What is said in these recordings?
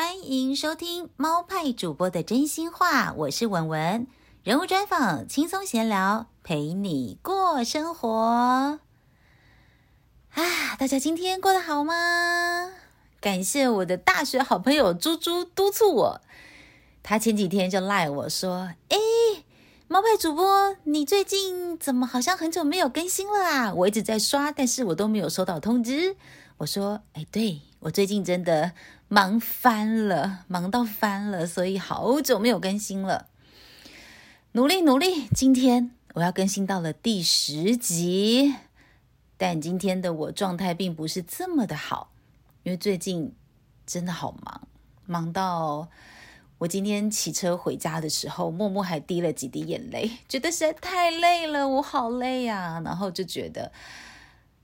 歡迎收聽貓派主播的真心話，我是文文，人物專訪，輕鬆閒聊，陪你過生活。啊，大家今天過得好嗎？感謝我的大學好朋友豬豬督促我，他前幾天就賴我說，哎。貓派主播，你最近怎麼好像很久沒有更新了啊？我一直在刷，但是我都沒有收到通知。我說，哎，對，我最近真的忙翻了，忙到翻了，所以好久沒有更新了。努力努力，今天我要更新到了第十集，但今天的我狀態並不是這麼的好，因為最近真的好忙，忙到。我今天騎車回家的時候，默默還滴了幾滴眼淚，覺得實在太累了，我好累呀、啊，然後就覺得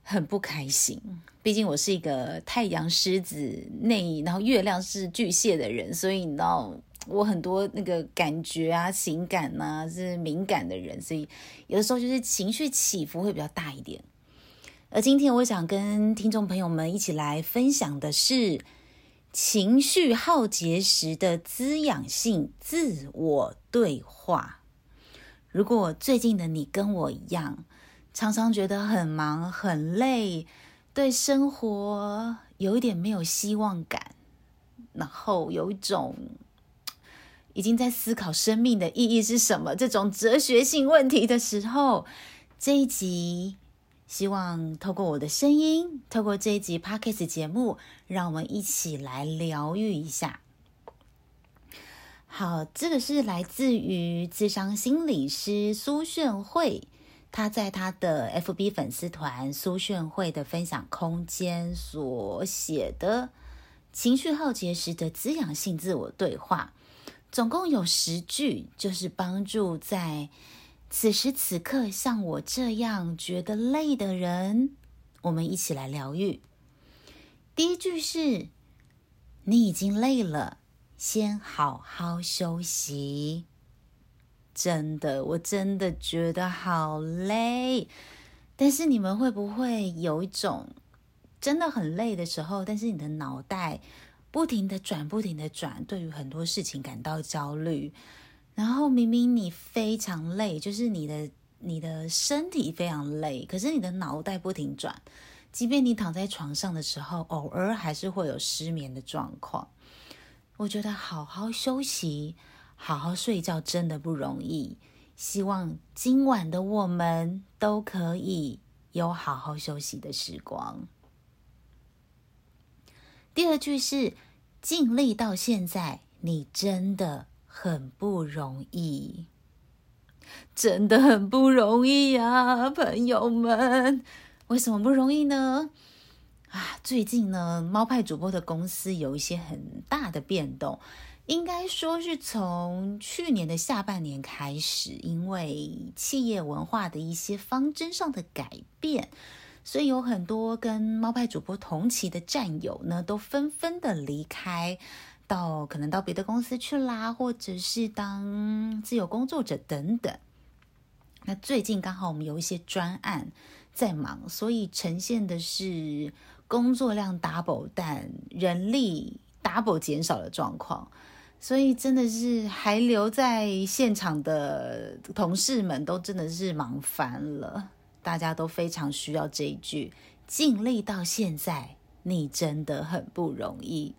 很不開心。畢竟我是一個太陽獅子內，然後月亮是巨蟹的人，所以你知道我很多那個感覺啊、情感呢、啊、是敏感的人，所以有的時候就是情緒起伏會比較大一點。而今天我想跟聽眾朋友們一起來分享的是。情緒耗竭時的滋養性自我對話。如果最近的你跟我一樣，常常覺得很忙、很累，對生活有一點沒有希望感，然後有一種已經在思考生命的意義是什麼這種哲學性問題的時候，這一集。希望透過我的聲音，透過這一集 Podcast 節目，讓我們一起來療癒一下。好，這個是來自於諮商心理師蘇絢慧，她在她的 FB 粉絲團“蘇絢慧的分享空間”所寫的情緒耗竭時的滋養性自我對話，總共有十句，就是幫助在。此時此刻，像我這樣覺得累的人，我們一起來療癒。第一句是：“你已經累了，先好好休息。”真的，我真的覺得好累。但是你們會不會有一種真的很累的時候，但是你的腦袋不停地轉，不停地轉，對於很多事情感到焦慮？然後明明你非常累，就是你的你的身體非常累，可是你的腦袋不停轉，即便你躺在床上的時候，偶爾還是會有失眠的狀況。我覺得好好休息、好好睡覺真的不容易。希望今晚的我們都可以有好好休息的時光。第二句是盡力到現在，你真的。很不容易，真的很不容易呀、啊，朋友們。為什麼不容易呢？啊，最近呢，貓派主播的公司有一些很大的變動，應該說是從去年的下半年開始，因為企業文化的一些方針上的改變，所以有很多跟貓派主播同期的戰友呢，都紛紛的離開。到可能到別的公司去啦，或者是當自由工作者等等。那最近剛好我們有一些專案在忙，所以呈現的是工作量 double，但人力 double 減少的狀況。所以真的是還留在現場的同事們都真的是忙翻了，大家都非常需要這一句，盡力到現在，你真的很不容易。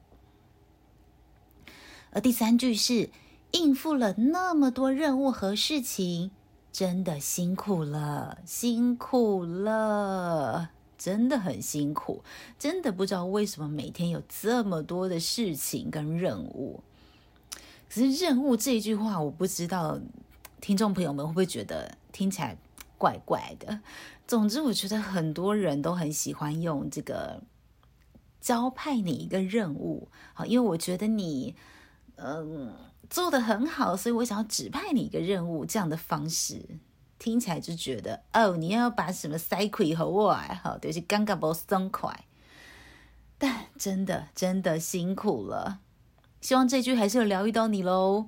而第三句是應付了那麼多任務和事情，真的辛苦了，辛苦了，真的很辛苦。真的不知道為什麼每天有這麼多的事情跟任務。可是“任務”這一句話，我不知道聽眾朋友們會不會覺得聽起來怪怪的。總之，我覺得很多人都很喜歡用這個“交派你一個任務”好，因為我覺得你。嗯，做得很好，所以我想要指派你一個任務。這樣的方式聽起來就覺得哦，你要把什麼塞和我愛好，對、就，是尷尬不鬆快。但真的真的辛苦了，希望這句還是有療癒到你嘍。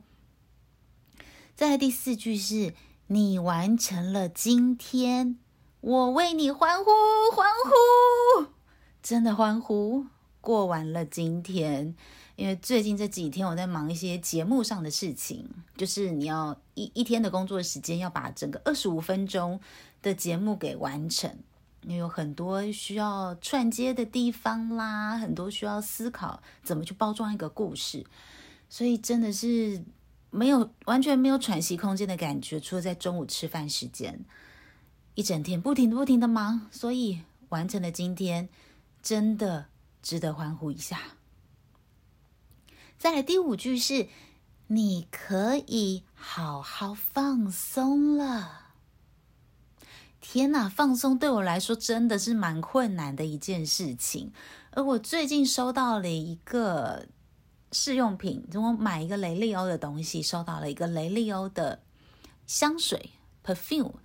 再來第四句是你完成了今天，我為你歡呼歡呼，真的歡呼。過完了今天，因為最近這幾天我在忙一些節目上的事情，就是你要一一天的工作時間要把整個二十五分鐘的節目給完成，你有很多需要串接的地方啦，很多需要思考怎麼去包裝一個故事，所以真的是沒有完全沒有喘息空間的感覺，除了在中午吃飯時間，一整天不停的不停的忙，所以完成了今天，真的。值得歡呼一下。再來第五句是：“你可以好好放鬆了。”天哪，放鬆對我來說真的是蠻困難的一件事情。而我最近收到了一個試用品，我買一個雷利歐的東西，收到了一個雷利歐的香水 （perfume），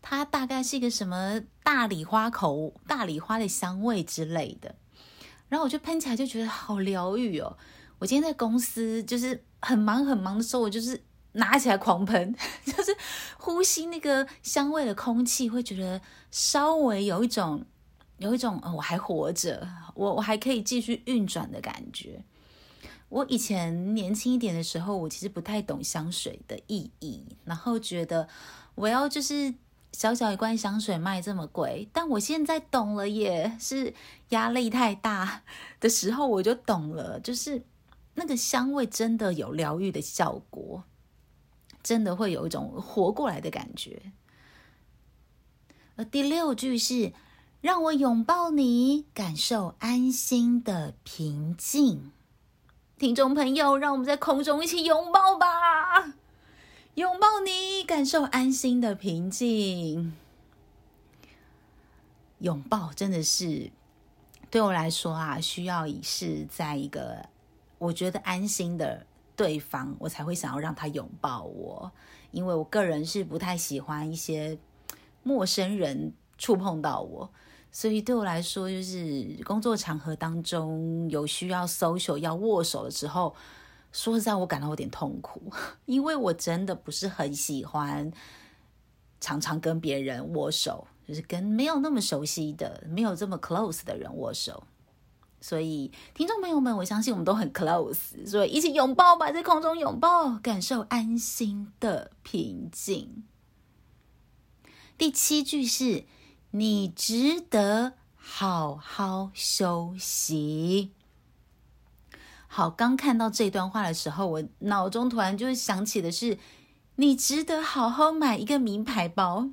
它大概是一個什麼大麗花口、大麗花的香味之類的。然後我就噴起來，就覺得好療癒哦。我今天在公司就是很忙很忙的時候，我就是拿起來狂噴，就是呼吸那個香味的空氣，會覺得稍微有一種，有一種，嗯，我還活着，我我還可以繼續運轉的感覺。我以前年輕一點的時候，我其實不太懂香水的意義，然後覺得我要就是。小小一罐香水賣這麼貴，但我現在懂了耶，也是壓力太大的時候，我就懂了，就是那個香味真的有療癒的效果，真的會有一種活過來的感覺。而第六句是讓我擁抱你，感受安心的平靜。聽眾朋友，讓我們在空中一起擁抱吧。擁抱你，感受安心的平靜。擁抱真的是對我來說啊，需要是在一個我覺得安心的對方，我才會想要讓他擁抱我。因為我個人是不太喜歡一些陌生人觸碰到我，所以對我來說，就是工作場合當中有需要 social 要握手的時候。說實在，我感到有點痛苦，因為我真的不是很喜歡常常跟別人握手，就是跟沒有那麼熟悉的、沒有這麼 close 的人握手。所以，聽眾朋友們，我相信我們都很 close，所以一起擁抱吧，在空中擁抱，感受安心的平靜。第七句是：你值得好好休息。好，剛看到這段話的時候，我腦中突然就想起的是，你值得好好買一個名牌包，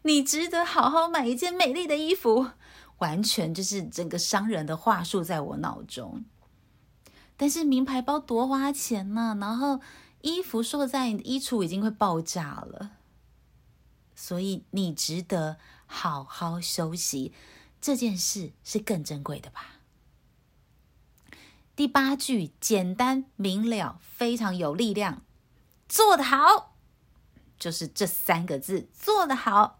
你值得好好買一件美麗的衣服，完全就是整個商人的話術在我腦中。但是名牌包多花錢呢、啊，然後衣服說在你的衣櫥已經會爆炸了，所以你值得好好休息，這件事是更珍貴的吧。第八句簡單明了，非常有力量，做得好，就是這三個字做得好。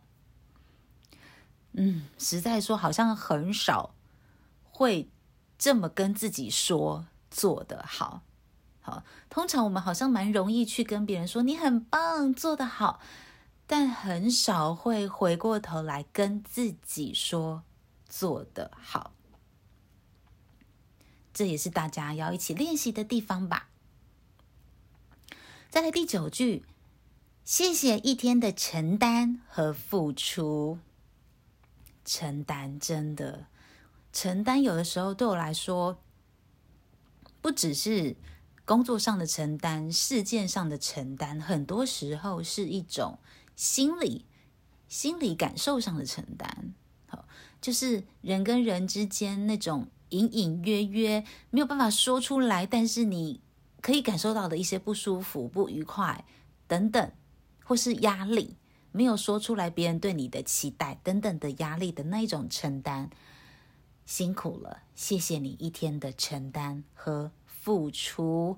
嗯，實在說，好像很少會這麼跟自己說做得好。好，通常我們好像蠻容易去跟別人說你很棒，做得好，但很少會回過頭來跟自己說做得好。這也是大家要一起練習的地方吧。再來第九句，謝謝一天的承擔和付出。承擔真的，承擔有的時候對我來說，不只是工作上的承擔，事件上的承擔，很多時候是一種心理、心理感受上的承擔。就是人跟人之間那種。隱隱約約沒有辦法說出來，但是你可以感受到的一些不舒服、不愉快等等，或是壓力沒有說出來，別人對你的期待等等的壓力的那種承擔，辛苦了，謝謝你一天的承擔和付出，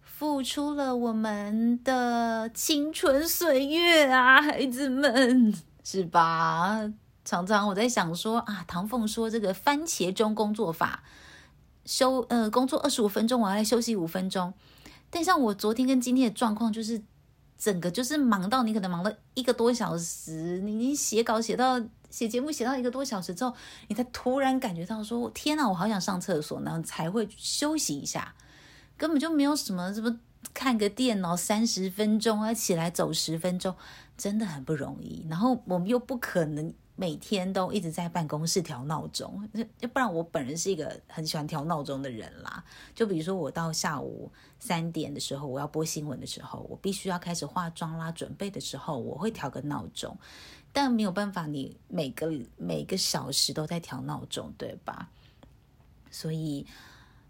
付出了我們的青春歲月啊，孩子們，是吧？常常我在想說啊，唐鳳說這個番茄鐘工作法，休呃工作二十五分鐘，我要來休息五分鐘。但像我昨天跟今天的狀況，就是整個就是忙到你可能忙了一個多小時，你你寫稿寫到寫節目寫到一個多小時之後，你才突然感覺到說天哪，我好想上廁所，然後才會休息一下，根本就沒有什麼什麼看個電腦三十分鐘啊，起來走十分鐘，真的很不容易。然後我們又不可能。每天都一直在辦公室調鬧鐘，要不然我本人是一個很喜歡調鬧鐘的人啦。就比如說我到下午三點的時候，我要播新聞的時候，我必須要開始化妝啦，準備的時候我會調個鬧鐘。但沒有辦法，你每個每個小時都在調鬧鐘，對吧？所以，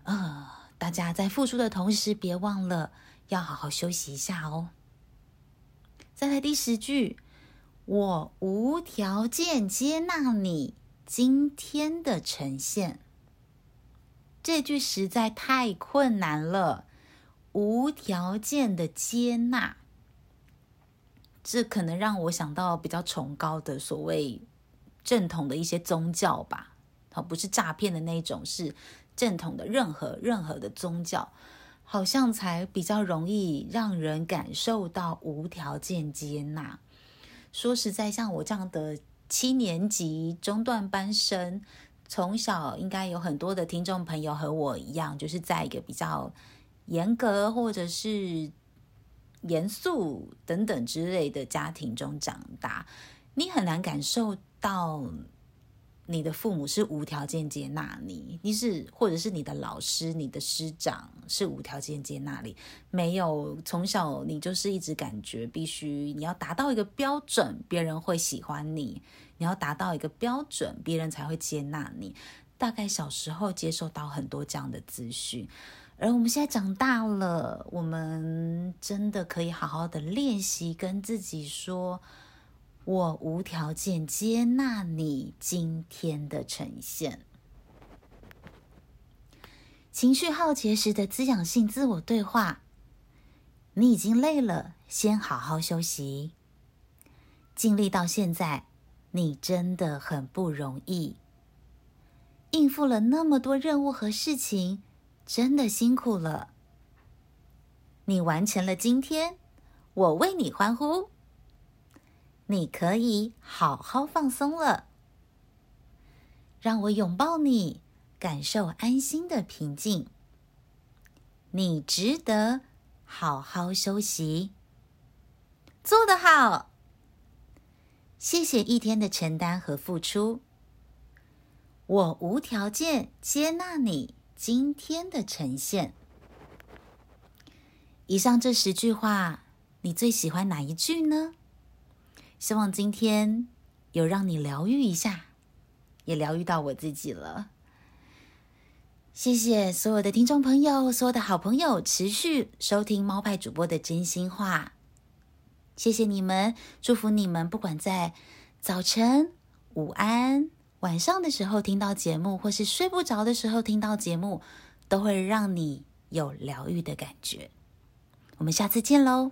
呃，大家在付出的同時，別忘了要好好休息一下哦。再來第十句。我無條件接納你今天的呈現。這句實在太困難了。無條件的接納，這可能讓我想到比較崇高的所謂正統的一些宗教吧？好，不是詐騙的那種，是正統的任何任何的宗教，好像才比較容易讓人感受到無條件接納。說實在，像我這樣的七年級中段班生，從小應該有很多的聽眾朋友和我一樣，就是在一個比較嚴格或者是嚴肅等等之類的家庭中長大。你很難感受到，你的父母是無條件接納你，你是或者是你的老師、你的師長是無條件接納你，沒有從小你就是一直感覺必須你要達到一個標準，別人會喜歡你，你要達到一個標準，別人才會接納你。大概小時候接受到很多這樣的資訊，而我們現在長大了，我們真的可以好好的練習跟自己說。我無條件接納你今天的呈現。情緒耗竭時的滋養性自我對話：你已經累了，先好好休息。經歷到現在，你真的很不容易。應付了那麼多任務和事情，真的辛苦了。你完成了今天，我為你歡呼。你可以好好放鬆了，讓我擁抱你，感受安心的平靜。你值得好好休息，做得好，謝謝一天的承擔和付出。我無條件接納你今天的呈現。以上這十句話，你最喜歡哪一句呢？希望今天有讓你療癒一下，也療癒到我自己了。謝謝所有的聽眾朋友，所有的好朋友持續收聽貓派主播的真心話，謝謝你們，祝福你們，不管在早晨、午安、晚上的時候聽到節目，或是睡不着的時候聽到節目，都會讓你有療癒的感覺。我們下次見嘍。